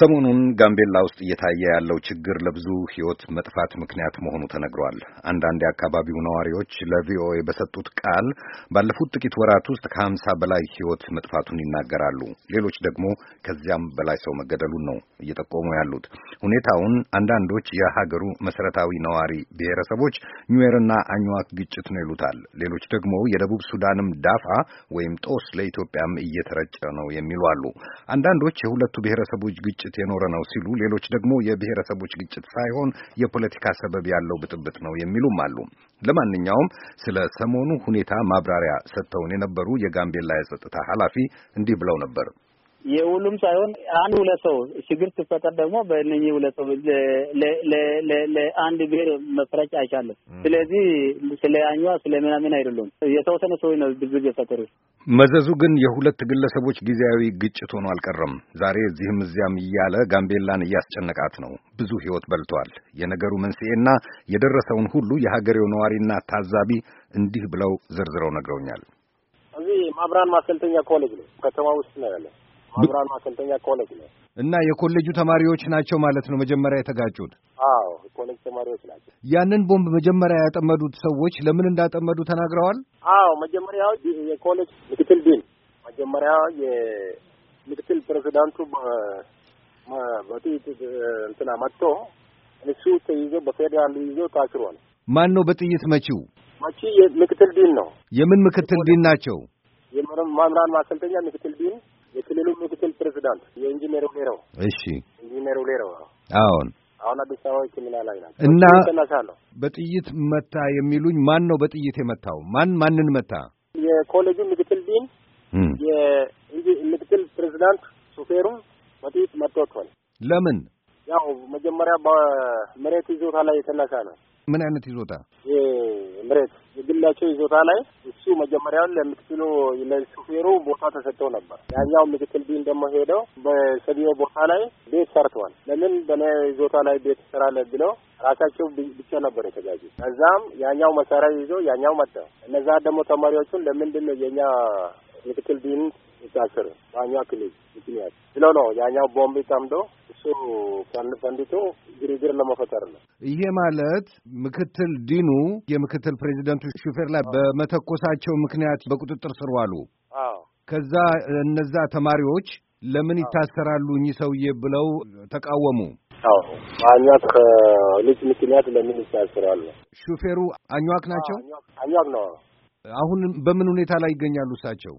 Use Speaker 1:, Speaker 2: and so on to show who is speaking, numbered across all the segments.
Speaker 1: ሰሞኑን ጋምቤላ ውስጥ እየታየ ያለው ችግር ለብዙ ሕይወት መጥፋት ምክንያት መሆኑ ተነግሯል። አንዳንድ የአካባቢው ነዋሪዎች ለቪኦኤ በሰጡት ቃል ባለፉት ጥቂት ወራት ውስጥ ከሀምሳ በላይ ሕይወት መጥፋቱን ይናገራሉ። ሌሎች ደግሞ ከዚያም በላይ ሰው መገደሉን ነው እየጠቆሙ ያሉት። ሁኔታውን አንዳንዶች የሀገሩ መሰረታዊ ነዋሪ ብሔረሰቦች ኒዌርና አኝዋክ ግጭት ነው ይሉታል። ሌሎች ደግሞ የደቡብ ሱዳንም ዳፋ ወይም ጦስ ለኢትዮጵያም እየተረጨ ነው የሚሉ አሉ። አንዳንዶች የሁለቱ ብሔረሰቦች ግጭት ግጭት የኖረ ነው ሲሉ፣ ሌሎች ደግሞ የብሔረሰቦች ግጭት ሳይሆን የፖለቲካ ሰበብ ያለው ብጥብጥ ነው የሚሉም አሉ። ለማንኛውም ስለ ሰሞኑ ሁኔታ ማብራሪያ ሰጥተውን የነበሩ የጋምቤላ የጸጥታ ኃላፊ እንዲህ ብለው ነበር።
Speaker 2: የሁሉም ሳይሆን አንድ ሁለት ሰው ችግር ሲፈጠር ደግሞ በእነኚህ ሁለት ሰው ለአንድ ብሔር መፍረጭ አይቻልም። ስለዚህ ስለ አኛ ስለ ምናምን አይደሉም። የተወሰነ ሰዎች ነው ብዙ የፈጠሩ።
Speaker 1: መዘዙ ግን የሁለት ግለሰቦች ጊዜያዊ ግጭት ሆኖ አልቀረም። ዛሬ እዚህም እዚያም እያለ ጋምቤላን እያስጨነቃት ነው። ብዙ ህይወት በልቷል። የነገሩ መንስኤና የደረሰውን ሁሉ የሀገሬው ነዋሪና ታዛቢ እንዲህ ብለው ዘርዝረው ነግረውኛል።
Speaker 2: እዚህ ማብራን ማሰልጠኛ ኮሌጅ ነው ከተማ ውስጥ ነው ያለው መምህራን ማሰልጠኛ ኮሌጅ ነው
Speaker 1: እና የኮሌጁ ተማሪዎች ናቸው ማለት ነው መጀመሪያ የተጋጩት?
Speaker 2: አዎ የኮሌጅ ተማሪዎች ናቸው።
Speaker 1: ያንን ቦምብ መጀመሪያ ያጠመዱት ሰዎች ለምን እንዳጠመዱ ተናግረዋል?
Speaker 2: አዎ መጀመሪያ የኮሌጅ ምክትል ዲን መጀመሪያ የምክትል ፕሬዚዳንቱ በጥይት እንትና መጥቶ እሱ ተይዞ በፌዴራል ይዞ ታስሯል።
Speaker 1: ማን ነው በጥይት መቺው?
Speaker 2: መቺ ምክትል ዲን ነው።
Speaker 1: የምን ምክትል ዲን ናቸው?
Speaker 2: የመምህራን ማሰልጠኛ ምክትል ዲን የክልሉ ምክትል ፕሬዚዳንት የኢንጂነር ሌረው እሺ፣ ኢንጂነር ሌረው አሁን አሁን አዲስ አበባ ክልላ ላይ ናቸው እና
Speaker 1: በጥይት መታ የሚሉኝ ማን ነው? በጥይት የመታው ማን ማንን መታ?
Speaker 2: የኮሌጁ ምክትል ዲን፣ የምክትል ፕሬዚዳንት፣ ሱፌሩ በጥይት መጥቷቸዋል። ለምን? ያው መጀመሪያ በመሬት ይዞታ ላይ የተነሳ ነው። ምን አይነት ይዞታ? መሬት የግላቸው ይዞታ ላይ እሱ መጀመሪያውን ለምክትሉ ለሹፌሩ ቦታ ተሰጥቶ ነበር። ያኛው ምክትል ቢን ደግሞ ሄደው በሰብዮ ቦታ ላይ ቤት ሰርተዋል። ለምን በኔ ይዞታ ላይ ቤት ሰራለ ብለው ራሳቸው ብቻ ነበር የተጋጁ። ከዛም ያኛው መሳሪያ ይዞ ያኛው መጣ። እነዛ ደግሞ ተማሪዎቹን ለምንድን ነው የኛ ምክትል ቢን ይታስር በኛ ክልል ምክንያት ብለው ነው ያኛው ቦምብ ጠምዶ እሱ ሳንፈንድቶ ግርግር ለመፈጠር ነው።
Speaker 1: ይሄ ማለት ምክትል ዲኑ የምክትል ፕሬዚደንቱ ሹፌር ላይ በመተኮሳቸው ምክንያት በቁጥጥር ስር ዋሉ። ከዛ እነዛ ተማሪዎች ለምን ይታሰራሉ እኚህ ሰውዬ ብለው ተቃወሙ።
Speaker 2: አዎ አኟክ ከልጅ ምክንያት ለምን ይታሰራሉ? ሹፌሩ አኟክ ናቸው። አኟክ ነው።
Speaker 1: አሁን በምን ሁኔታ ላይ ይገኛሉ እሳቸው?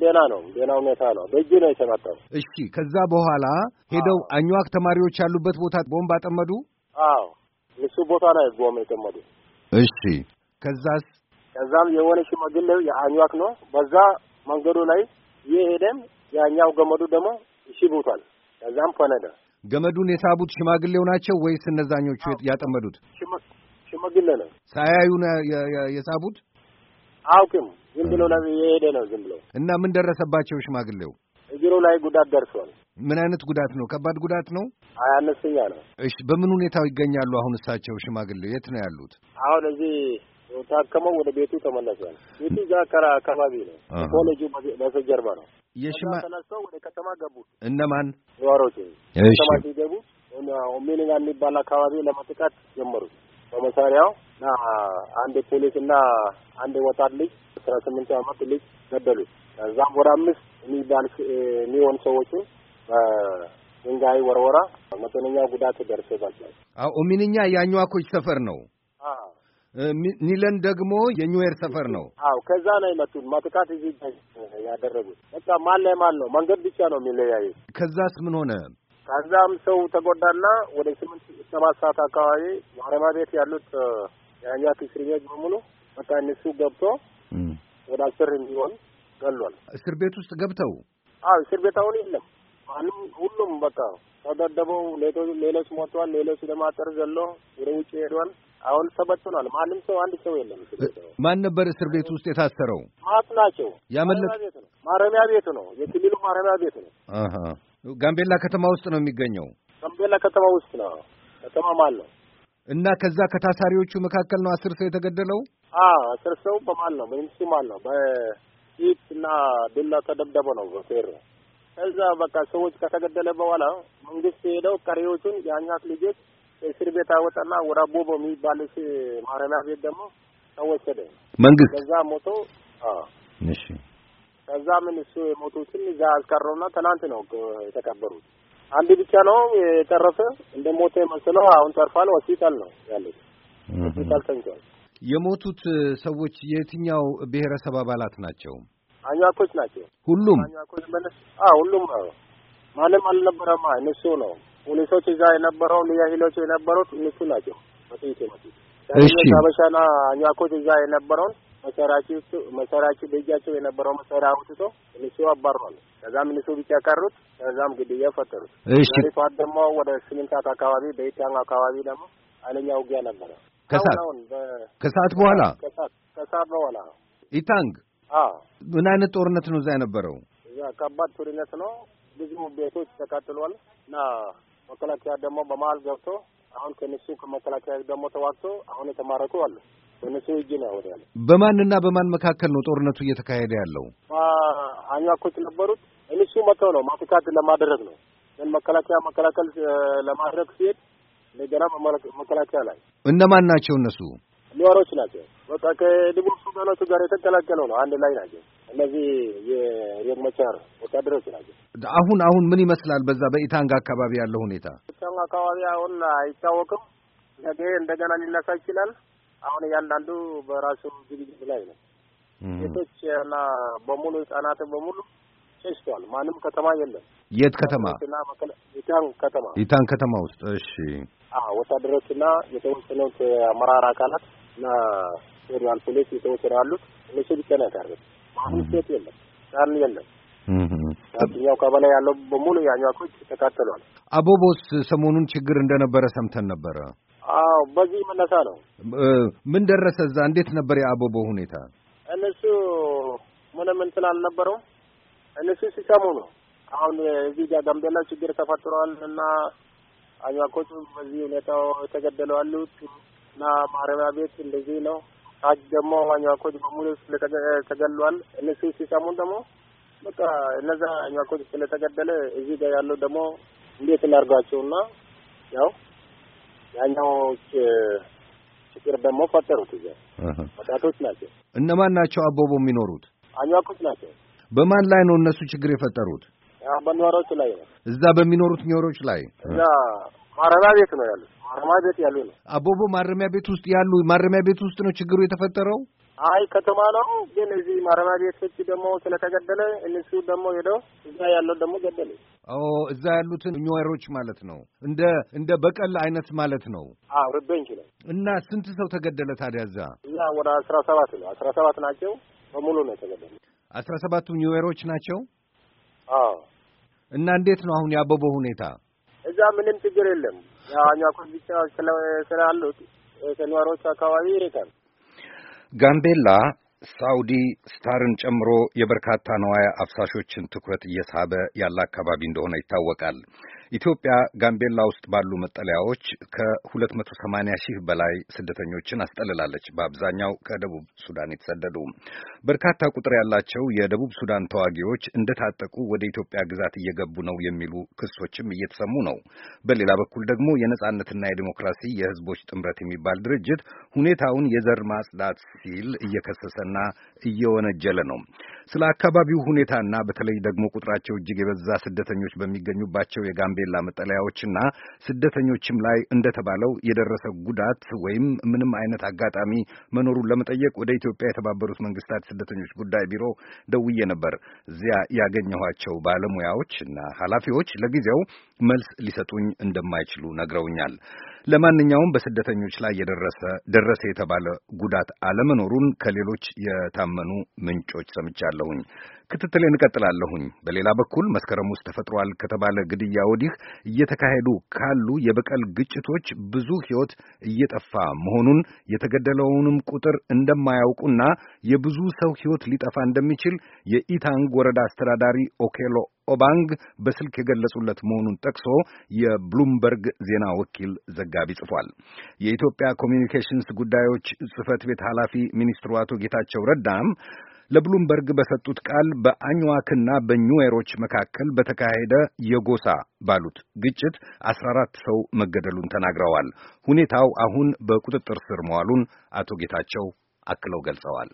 Speaker 2: ደህና ነው። ደህና ሁኔታ ነው። በእጅ ነው የተመጠሩ።
Speaker 1: እሺ። ከዛ በኋላ ሄደው አኝዋክ ተማሪዎች ያሉበት ቦታ ቦምብ አጠመዱ።
Speaker 2: አዎ፣ እሱ ቦታ ላይ ቦምብ የጠመዱ። እሺ። ከዛስ? ከዛም የሆነ ሽማግሌው የአኝዋክ ነው። በዛ መንገዱ ላይ የሄደም ያኛው ገመዱ ደግሞ ይሽቡታል። ከዛም ፈነደ።
Speaker 1: ገመዱን የሳቡት ሽማግሌው ናቸው ወይስ እነዛኞቹ ያጠመዱት? ሽማግሌ ነው። ሳያዩ የሳቡት
Speaker 2: አውቅም። ዝም ብሎ የሄደ ነው ዝም ብሎ
Speaker 1: እና ምን ደረሰባቸው? ሽማግሌው
Speaker 2: እግሩ ላይ ጉዳት ደርሷል።
Speaker 1: ምን አይነት ጉዳት ነው? ከባድ ጉዳት ነው።
Speaker 2: አይ አነስተኛ ነው።
Speaker 1: እሺ፣ በምን ሁኔታው ይገኛሉ? አሁን እሳቸው ሽማግሌው የት ነው ያሉት?
Speaker 2: አሁን እዚህ ታከመው ወደ ቤቱ ተመለሷል። ቤቱ እዛ አካባቢ ነው። ኮሌጁ በስተጀርባ ነው። የሽማ ተነስተው ወደ ከተማ ገቡ። እነማን ነዋሪዎች ከተማ ሲገቡ ሚኒጋ የሚባል አካባቢ ለመጥቃት ጀመሩ በመሳሪያው እና አንድ ፖሊስ እና አንድ ወጣት ልጅ አስራ ስምንት አመት ልጅ ገደሉ። ከዛም ወደ አምስት የሚባል የሚሆን ሰዎችን በድንጋይ ወርወራ መጠነኛ ጉዳት ደርሶባቸዋል።
Speaker 1: አዎ ኦሚንኛ የአኟኮች ሰፈር ነው። ኒለን ደግሞ የኒዌር ሰፈር ነው።
Speaker 2: አዎ ከዛ ነው የመጡት። ማጥቃት እዚህ ያደረጉት በቃ ማን ላይ ማን ነው መንገድ ብቻ ነው የሚለያዩ።
Speaker 1: ከዛስ ምን ሆነ?
Speaker 2: ከዛም ሰው ተጎዳና ወደ ስምንት ሰባት ሰዓት አካባቢ ማረሚያ ቤት ያሉት የአያት እስረኞች በሙሉ በቃ እነሱ ገብቶ ወደ አስር የሚሆን ገሏል።
Speaker 1: እስር ቤት ውስጥ ገብተው
Speaker 2: አዎ፣ እስር ቤት አሁን የለም አሁንም ሁሉም በቃ ተገደበው። ሌሎች ሞቷል። ሌሎች ለማጠር ዘሎ ወደ ውጭ ሄዷል። አሁን ተበትኗል። ማንም ሰው አንድ ሰው የለም።
Speaker 1: ማን ነበር እስር ቤት ውስጥ የታሰረው?
Speaker 2: ማት ናቸው ያመለጥ ማረሚያ ቤት ነው፣ የክልሉ ማረሚያ ቤት
Speaker 1: ነው። ጋምቤላ ከተማ ውስጥ ነው የሚገኘው።
Speaker 2: ጋምቤላ ከተማ ውስጥ ነው ከተማ ማለት ነው።
Speaker 1: እና ከዛ ከታሳሪዎቹ መካከል ነው አስር ሰው የተገደለው።
Speaker 2: አስር ሰው በማል ነው በኢምሲ ማል ነው በኢት እና ዱላ ተደብደበ ነው ፌር ከዛ በቃ ሰዎች ከተገደለ በኋላ መንግስት ሄደው ቀሪዎቹን የአኛት ልጆች እስር ቤት አወጣና ወደ አቦቦ የሚባል ማረሚያ ቤት ደግሞ ተወሰደ መንግስት። ከዛ ሞቶ እሺ፣ ከዛ ምን እሱ የሞቱትን እዛ አስቀረውና ትናንት ነው የተቀበሩት። አንድ ብቻ ነው የተረፈ። እንደ ሞተ መስለው አሁን ተርፏል። ሆስፒታል ነው ያለው፣ ሆስፒታል ተኝቷል።
Speaker 1: የሞቱት ሰዎች የትኛው ብሔረሰብ አባላት ናቸው?
Speaker 2: አኛኮች ናቸው። ሁሉም አኛኮች መለስ አ ሁሉም ማንም አልነበረማ። እነሱ ነው ፖሊሶች እዛ የነበረው ልያሂሎች የነበሩት እነሱ ናቸው።
Speaker 1: እሺ ሀበሻና
Speaker 2: አኛኮች እዛ የነበረውን መሰራች በእጃቸው የነበረው መሰሪያ አውጥቶ እነሱ አባሯል። ከዛም እነሱ ብቻ ቀሩት። ከዛም ግድያ ፈጠሩት። እሺ ሪቷት ደግሞ ወደ ስምንት ሰዓት አካባቢ በኢትዮጵያን አካባቢ ደግሞ አንኛ ውጊያ ነበረ። ከሰዓት ከሰዓት በኋላ ከሰዓት በኋላ
Speaker 1: ኢታንግ ምን አይነት ጦርነት ነው እዛ የነበረው?
Speaker 2: እዛ ከባድ ጦርነት ነው። ብዙ ቤቶች ተቃጥሏል እና መከላከያ ደግሞ በመሀል ገብቶ አሁን ከነሱ ከመከላከያ ደግሞ ተዋግቶ አሁን የተማረኩ አሉ። በነሱ እጅ ነው ወደ ያለ።
Speaker 1: በማንና በማን መካከል ነው ጦርነቱ እየተካሄደ ያለው?
Speaker 2: አኛኮች ነበሩት እነሱ መጥተው ነው ማጥቃት ለማድረግ ነው። ግን መከላከያ መከላከል ለማድረግ ሲሄድ እንደገና መከላከያ ላይ
Speaker 1: እነማን ናቸው እነሱ?
Speaker 2: ኒዋሮች ናቸው። በቃ ከደቡብ ሱዳኖቹ ጋር የተቀላቀለው ነው። አንድ ላይ ናቸው። እነዚህ የሪክ ወታደሮች ናቸው።
Speaker 1: አሁን አሁን ምን ይመስላል በዛ በኢታንግ አካባቢ ያለው ሁኔታ?
Speaker 2: ኢታንግ አካባቢ አሁን አይታወቅም። ነገ እንደገና ሊነሳ ይችላል። አሁን እያንዳንዱ በራሱ ዝግጅት ላይ ነው። ሴቶች እና በሙሉ ህጻናት በሙሉ ሸሽተዋል። ማንም ከተማ የለም። የት ከተማ? ኢታንግ ከተማ።
Speaker 1: ኢታንግ ከተማ ውስጥ እሺ።
Speaker 2: ወታደሮችና የተወሰኑት አመራር አካላት እና ፌዴራል ፖሊስ የተወሰደ ስራ አሉት እነሱ ብቻ ነው ያቀርብ። አሁን ሴት የለም፣ ጫን የለም። ያው ከበላይ ያለው በሙሉ ያኛኮች ተካተሏል።
Speaker 1: አቦቦስ ሰሞኑን ችግር እንደነበረ ሰምተን ነበረ።
Speaker 2: አዎ በዚህ መነሳ ነው።
Speaker 1: ምን ደረሰ እዛ? እንዴት ነበር የአቦቦ ሁኔታ?
Speaker 2: እነሱ ምንም እንትን አልነበረውም። እነሱ ሲሰሙ ነው አሁን እዚህ ጋር ጋምቤላ ችግር ተፈጥሯል እና አኛኮች በዚህ ሁኔታው የተገደሉ አሉት እና ማረሚያ ቤት እንደዚህ ነው። ታች ደግሞ አኟኮች በሙሉ ተገሏል። እነሱ ሲሰሙን ደግሞ በቃ እነዛ አኟኮች ስለተገደለ እዚህ ጋር ያለው ደግሞ እንዴት እናርጋቸውና ያው ያኛዎች ችግር ደግሞ ፈጠሩት። እዚያ ወጣቶች ናቸው።
Speaker 1: እነማን ናቸው? አቦቦ የሚኖሩት
Speaker 2: አኟኮች ናቸው።
Speaker 1: በማን ላይ ነው እነሱ ችግር የፈጠሩት?
Speaker 2: በኗሪዎች ላይ ነው።
Speaker 1: እዛ በሚኖሩት ኞሮች ላይ እዛ
Speaker 2: ማረሚያ ቤት ነው ያሉት ማረሚያ ቤት ያሉ ነው።
Speaker 1: አቦቦ ማረሚያ ቤት ውስጥ ያሉ ማረሚያ ቤት ውስጥ ነው ችግሩ የተፈጠረው።
Speaker 2: አይ ከተማ ነው ግን እዚህ ማረሚያ ቤቶች ደግሞ ስለተገደለ እነሱ ደግሞ ሄደው እዛ ያለው ደግሞ ገደለ።
Speaker 1: ኦ እዛ ያሉትን ኞሮች ማለት ነው። እንደ እንደ በቀል አይነት ማለት ነው።
Speaker 2: አዎ ርበኝ ይችላል።
Speaker 1: እና ስንት ሰው ተገደለ ታዲያ እዛ?
Speaker 2: እዛ ወደ አስራ ሰባት ነው አስራ ሰባት ናቸው በሙሉ ነው የተገደለ።
Speaker 1: አስራ ሰባቱ ናቸው። አዎ እና እንዴት ነው አሁን የአበቦ ሁኔታ?
Speaker 2: እዛ ምንም ችግር የለም። እኛ ኮምፒቻ ስላሉት ከኗሮች አካባቢ ይርቃል።
Speaker 1: ጋምቤላ ሳውዲ ስታርን ጨምሮ የበርካታ ነዋያ አፍሳሾችን ትኩረት እየሳበ ያለ አካባቢ እንደሆነ ይታወቃል። ኢትዮጵያ ጋምቤላ ውስጥ ባሉ መጠለያዎች ከ280 ሺህ በላይ ስደተኞችን አስጠልላለች። በአብዛኛው ከደቡብ ሱዳን የተሰደዱ በርካታ ቁጥር ያላቸው የደቡብ ሱዳን ተዋጊዎች እንደታጠቁ ወደ ኢትዮጵያ ግዛት እየገቡ ነው የሚሉ ክሶችም እየተሰሙ ነው። በሌላ በኩል ደግሞ የነጻነትና የዲሞክራሲ የህዝቦች ጥምረት የሚባል ድርጅት ሁኔታውን የዘር ማጽዳት ሲል እየከሰሰና እየወነጀለ ነው። ስለ አካባቢው ሁኔታና በተለይ ደግሞ ቁጥራቸው እጅግ የበዛ ስደተኞች በሚገኙባቸው የጋ የጋምቤላ መጠለያዎችና ስደተኞችም ላይ እንደተባለው የደረሰ ጉዳት ወይም ምንም አይነት አጋጣሚ መኖሩን ለመጠየቅ ወደ ኢትዮጵያ የተባበሩት መንግስታት ስደተኞች ጉዳይ ቢሮ ደውዬ ነበር። እዚያ ያገኘኋቸው ባለሙያዎች እና ኃላፊዎች ለጊዜው መልስ ሊሰጡኝ እንደማይችሉ ነግረውኛል። ለማንኛውም በስደተኞች ላይ የደረሰ ደረሰ የተባለ ጉዳት አለመኖሩን ከሌሎች የታመኑ ምንጮች ሰምቻለሁኝ። ክትትል እንቀጥላለሁኝ። በሌላ በኩል መስከረም ውስጥ ተፈጥሯል ከተባለ ግድያ ወዲህ እየተካሄዱ ካሉ የበቀል ግጭቶች ብዙ ሕይወት እየጠፋ መሆኑን የተገደለውንም ቁጥር እንደማያውቁና የብዙ ሰው ሕይወት ሊጠፋ እንደሚችል የኢታንግ ወረዳ አስተዳዳሪ ኦኬሎ ኦባንግ በስልክ የገለጹለት መሆኑን ጠቅሶ የብሉምበርግ ዜና ወኪል ዘጋቢ ጽፏል። የኢትዮጵያ ኮሚኒኬሽንስ ጉዳዮች ጽህፈት ቤት ኃላፊ ሚኒስትሩ አቶ ጌታቸው ረዳም ለብሉምበርግ በሰጡት ቃል በአኝዋክና በኙዌሮች መካከል በተካሄደ የጎሳ ባሉት ግጭት አስራ አራት ሰው መገደሉን ተናግረዋል። ሁኔታው አሁን በቁጥጥር ስር መዋሉን አቶ ጌታቸው አክለው ገልጸዋል።